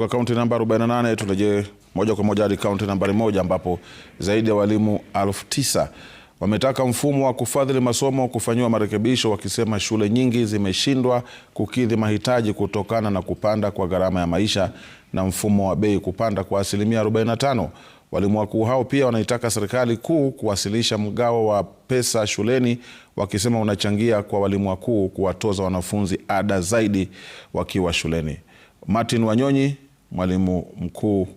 Kwa kaunti namba 48 turejee moja kwa moja hadi kaunti nambari moja ambapo zaidi ya walimu elfu tisa wametaka mfumo wa kufadhili masomo kufanyiwa marekebisho, wakisema shule nyingi zimeshindwa kukidhi mahitaji kutokana na kupanda kwa gharama ya maisha na mfumo wa bei kupanda kwa asilimia 45. Walimu wakuu hao pia wanaitaka serikali kuu kuwasilisha mgao wa pesa shuleni, wakisema unachangia kwa walimu wakuu kuwatoza wanafunzi ada zaidi wakiwa shuleni. Martin Wanyonyi mwalimu mkuu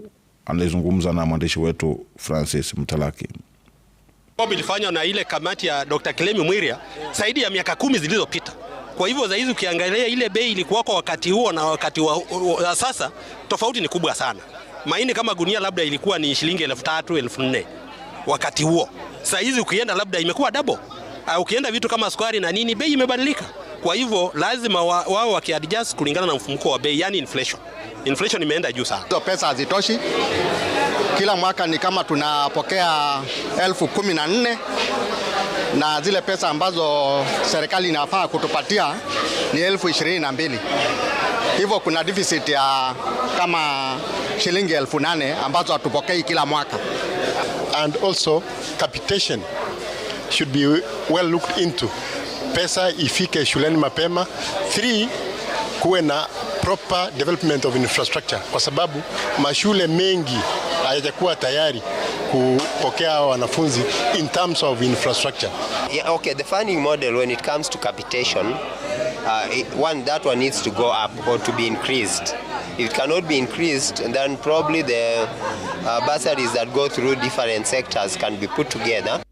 alizungumza na mwandishi wetu Francis Mtalaki. Ilifanywa na ile kamati ya Dr. Kilemi Mwiria zaidi ya miaka kumi zilizopita. Kwa hivyo zaizi, ukiangalia ile bei ilikuwako wakati huo na wakati wa sasa, tofauti ni kubwa sana. Mahindi kama gunia labda ilikuwa ni shilingi elfu tatu elfu nne wakati huo. sahizi ukienda labda imekuwa double. Ah, ukienda vitu kama sukari na nini, bei imebadilika. Kwa hivyo lazima wao wa wakiadjust kulingana na mfumuko wa bei, yani inflation. Inflation imeenda juu sana, hizo pesa hazitoshi. Kila mwaka ni kama tunapokea elfu kumi na nne na zile pesa ambazo serikali inafaa kutupatia ni elfu ishirini na mbili hivyo kuna deficit ya kama shilingi elfu nane ambazo hatupokei kila mwaka. And also capitation should be well looked into pesa ifike shuleni mapema. Three, kuwe na proper development of infrastructure kwa sababu mashule mengi hayajakuwa tayari kupokea wanafunzi in terms of infrastructure. Yeah, okay, the funding model when it comes to capitation uh, it, one that one needs to go up or to be increased. If it cannot be increased then probably the uh, bursaries that go through different sectors can be put together.